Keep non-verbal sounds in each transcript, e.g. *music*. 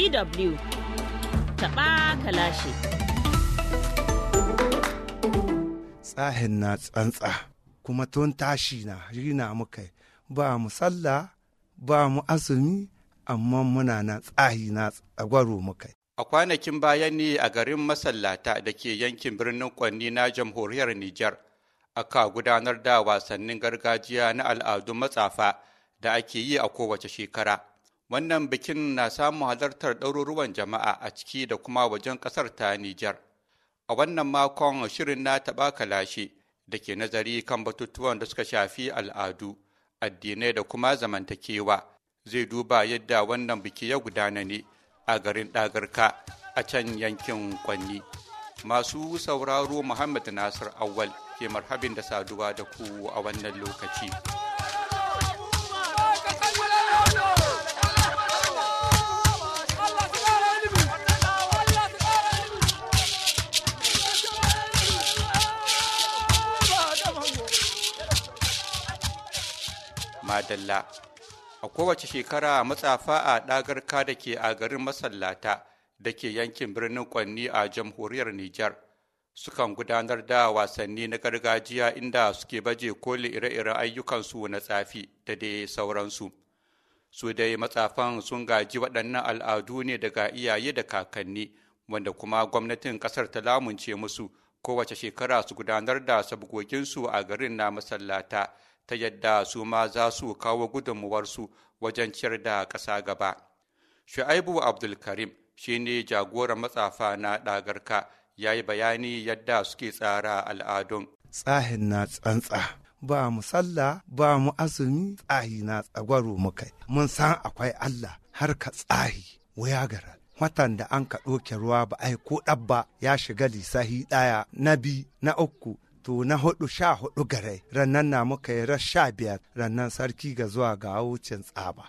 DW taɓa kalashe. Tsahin na tsantsa kuma tun tashi na rina muka ba mu sallah ba mu azumi amma muna na tsahi na tsagwaro muka. A kwanakin baya ne a garin masallata da ke yankin birnin Kwanni na jamhuriyar Nijar aka gudanar da wasannin gargajiya na al'adun matsafa da ake yi a kowace shekara. Wannan bikin na samun halartar ɗaruruwan jama'a a ciki da kuma wajen ƙasar ta Nijar. A wannan makon shirin na taɓa kalashe da ke nazari kan batutuwan da suka shafi al'adu, addinai da kuma zamantakewa zai duba yadda wannan biki ya gudana ne a garin ɗagarka a can yankin kwanni. Masu sauraro Muhammad Nasir Awal ke marhabin da saduwa da ku a wannan lokaci. madalla a kowace shekara matsafa a ɗagarka da ke a garin masallata da ke yankin birnin kwanni a jamhuriyar Nijar sukan gudanar da wasanni na gargajiya inda suke baje koli ire-iren ayyukansu na tsafi da dai sauransu. Su dai matsafan sun gaji waɗannan al'adu ne daga iyaye da kakanni wanda kuma gwamnatin ƙasar ta lamunce musu kowace shekara su gudanar da sabgoginsu a garin na masallata ta yadda su ma za su kawo gudunmuwarsu wajen ciyar da ƙasa gaba. Shu'aibu Abdulkarim shi ne jagoran matsafa na ɗagarka ya yi bayani yadda suke tsara al'adun. Tsahin na tsantsa. ba mu sallah ba mu azumi tsahi na tsagwaro muka mun san akwai Allah har ka tsahi wuya gara watan da an ka ruwa ba ai ko ɗabba ya shiga lisahi ɗaya na bi na uku to na hudu sha hudu garai rannan na muka yi ras sha biyar rannan sarki ga zuwa ga wucin tsaba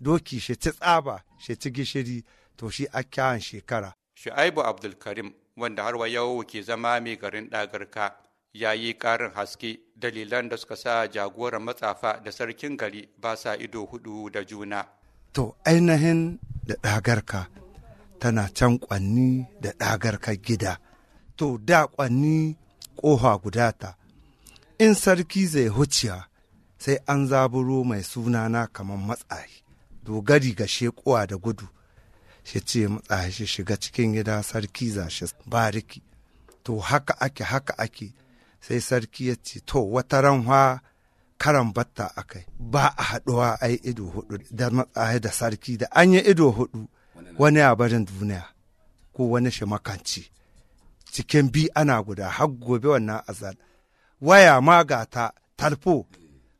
doki shi ci tsaba shi ci gishiri to shi a kyawun shekara shu'aibu abdulkarim wanda har wa yau ke zama mai garin ɗagarka ya yi ƙarin haske dalilan da suka sa jagoran matsafa da sarkin gari ba sa ido hudu da juna. To ainihin da ɗagarka tana can kwanni da ɗagarka gida. To da kwanni ƙofa guda ta in sarki zai huciya sai an zaburo mai sunana kamar matsayi dogari ga shekuwa da gudu shi ce matsayi shi shiga cikin gida sarki za shi bariki to haka ake haka ake sai sarki ya ce to wata ranwa karan batta akai ba a haɗuwa ai ido hudu da matsayi da sarki da an yi ido hudu wani abarin duniya ko wani shi makanci cikin bi ana guda har gobe wannan azal waya ma ga ta talfo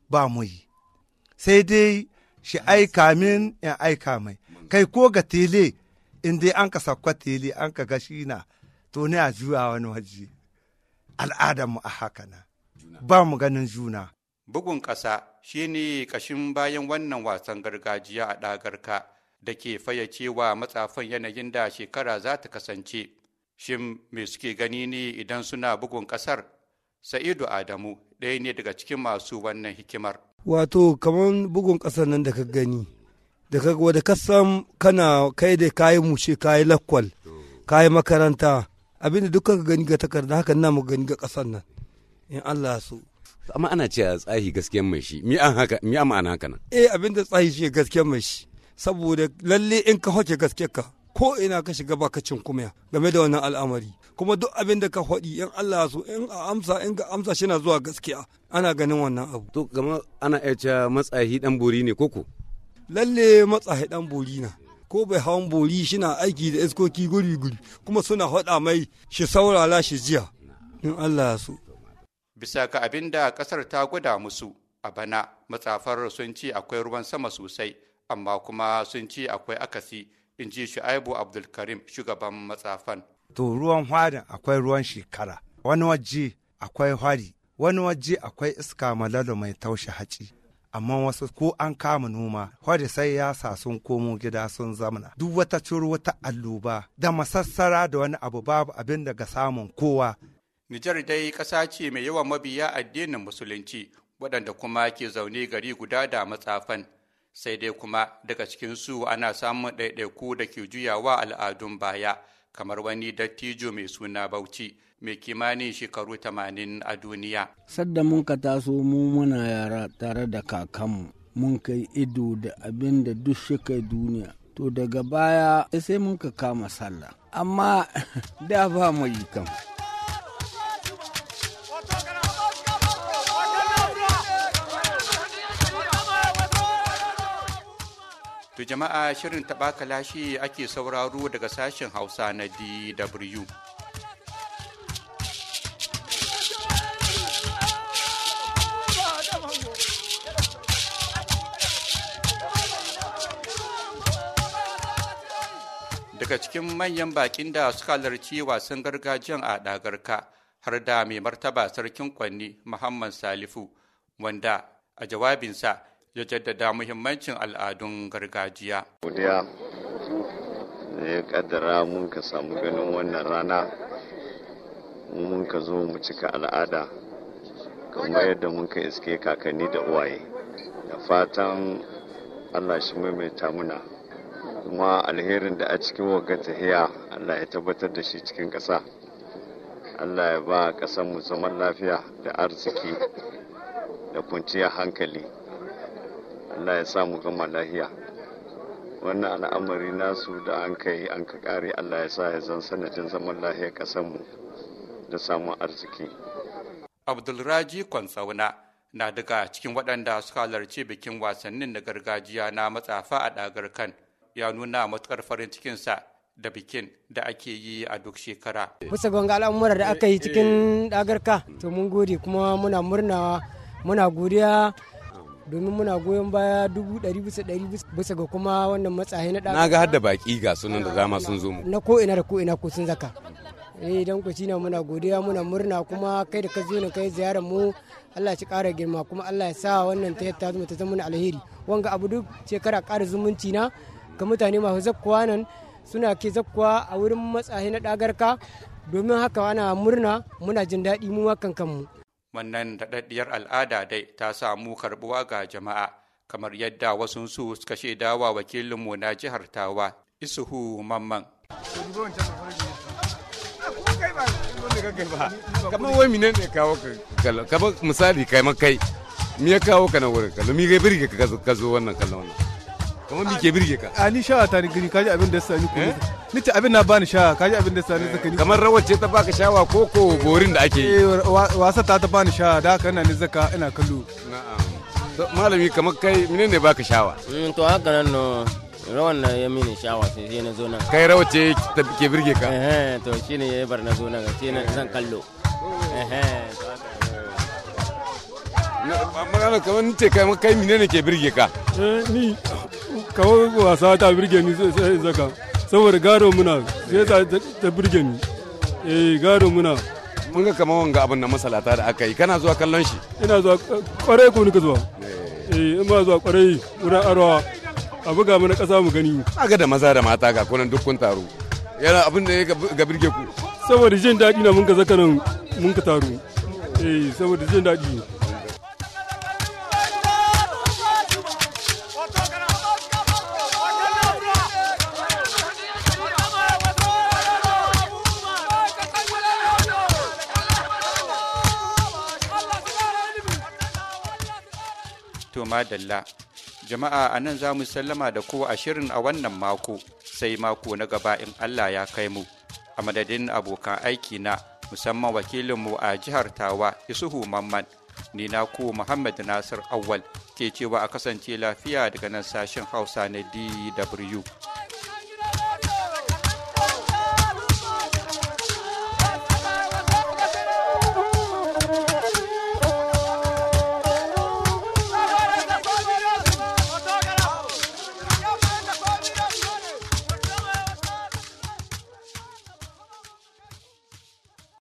ba mu yi sai dai shi aika min in aika mai kai ko ga tele in dai an ka sakwa tele an ka gashi na to ne a juya wani waje al'adarmu a haka na ba mu ganin juna bugun ƙasa shi ne ƙashin bayan wannan wasan gargajiya a ɗagarka da ke fayyacewa matsafan yanayin da shekara za ta kasance shin me suke gani ne idan suna bugun ƙasar sa'idu adamu ɗaya ne daga cikin masu wannan hikimar wato kamar bugun ƙasar nan da ka gani da ka wadda ka kana kai da kayi mushe kayi lakwal kayi makaranta abinda da dukkan gani ga takarda haka na mu gani ga ƙasar nan in Allah so amma ana ce a tsahi gaskiyar mai shi mi an haka mi an ma'ana haka nan eh abinda tsahi shi gaskiyar mai shi saboda lalle in ka hoke gaskiyar ka ko ina ka shiga baka cin kumaya game da wannan al'amari kuma duk abin da ka faɗi in Allah so in a amsa in ga amsa shi zuwa gaskiya ana ganin wannan abu to gama ana iya cewa matsahi dan bori ne koko lalle matsayi dan bori na ko bai hawan bori shi na aiki da iskoki guri guri kuma suna haɗa mai shi saurala shi jiya in Allah so bisa ga abin da kasar ta gwada musu a bana matsafar sun ci akwai ruwan sama sosai amma kuma sun ci akwai akasi in ji shu'aibu abdulkarim shugaban matsafan to ruwan hwarin akwai ruwan shekara wani waje akwai hwari wani waje akwai iska malalo mai taushe haci amma wasu ko an kama noma hwari sai ya sa sun komo gida sun zamana duk wata curu wata alluba da masassara da wani abu babu abin daga samun kowa Nijar dai ƙasa ce mai yawan mabiya addinin musulunci waɗanda kuma ke zaune gari guda da matsafan sai dai kuma daga cikin su ana samun ɗaiɗaiku da ke juyawa al'adun baya kamar wani dattijo mai suna bauchi mai kimanin shekaru 80 a duniya. Sadda mun ka taso mu muna yara tare da kakanmu mun kai ido da abin da duk shi duniya. To daga baya sai mun ka kama sallah amma *laughs* da ba mu yi kam. To jama'a shirin taɓa kalashi ake sauraro daga sashen Hausa na DW. Daga cikin manyan bakin da suka halarci wasan gargajiyan a ɗagarka har da mai martaba sarkin kwanni Muhammad Salifu, wanda a jawabinsa ya jaddada muhimmancin al'adun gargajiya. Godiya da ya kaddara mun ka samu ganin wannan rana mun ka zo mu cika al'ada kamar yadda mun ka iske kakanni da uwaye da fatan Allah shi maimaita muna kuma alherin da a cikin waga tahiya Allah ya tabbatar da shi cikin ƙasa Allah ya ba ƙasar mu zaman lafiya da arziki da kwanciyar hankali Allah ya samu gama lahiya wannan al'amari nasu da an kai an ka kare Allah ya sa ya zan sanadin zaman lahiya kasanmu da samun arziki abdulraji kwantsauna na daga cikin waɗanda suka halarci bikin wasannin na gargajiya na matsafa a ɗagar kan ya nuna matuƙar farin cikinsa da bikin da ake yi a duk shekara. Bisa gonga al'amura da aka yi cikin ka, to mun gode kuma muna murna muna godiya domin muna goyon baya dubu ɗari bisa ɗari bisa ga kuma wannan matsayi na daga. Na ga har da baƙi ga sunan da dama sun zo mu. Na ko ina da ko ina ko sun zaka. Eh dan ku shine muna godiya muna murna kuma kai da ka zo ne kai ziyarar mu Allah ya ƙara girma kuma Allah ya sa wannan ta yatta zama ta zama alheri. Wanga abu duk shekara ƙara zumunci na ga mutane masu zakkuwa nan suna ke zakkuwa a wurin matsayi na ɗagarka domin haka ana murna muna jin daɗi mu kanmu. wannan daɗaɗɗiyar al'ada dai ta samu karɓuwa ga jama'a kamar yadda wasu su suka shaidawa wakilinmu na jihar tawa isuhu mamman kamar wai minen ne kawo ka kamar misali kai makai me ya kawo ka na wurin kallo mi gai biri ka ka zo wannan kallon wannan kamar mi ke birge ka a ni shawa ta ni gani kaji abin da sani ko eh? ni ta abin na bani shawa kaji abin da sani saka ni kamar rawar ce ta baka shawa ko ko borin da ake yi eh, wasa ta ta bani shawa da haka ina ni zaka ina kallo na'am malami kamar kai menene baka shawa mm, to haka nan no rawan na ya mini shawa sai sai na zo nan kai rawa ta ke birge ka eh to shine ya bar na zo nan sai na zan kallo eh magana kamar ni ce kai mun kai mine ne ke birge ka eh ni kawai wasa ta birge ni sai zaka saboda gado muna sai ta birge ni eh gado muna mun ga kamar wanga abin na masalata da aka yi kana zuwa kallon shi ina zuwa kware ko nika zuwa eh, eh ba zuwa kware wurin arwa a buga mana kasa mu gani a ga da maza da mata ga kunan dukkan taro yana abin da ya ga birge ku saboda jin daɗi na mun ka zakaran mun ka taro eh saboda jin daɗi madalla jama'a a nan za mu sallama da kowa a shirin a wannan mako sai mako na gaba in allah ya kai mu a madadin abokan aiki na musamman wakilinmu a jihar tawa isuhu mamman ni na ku muhammad nasir awal ke cewa a kasance lafiya daga nan sashen hausa na dw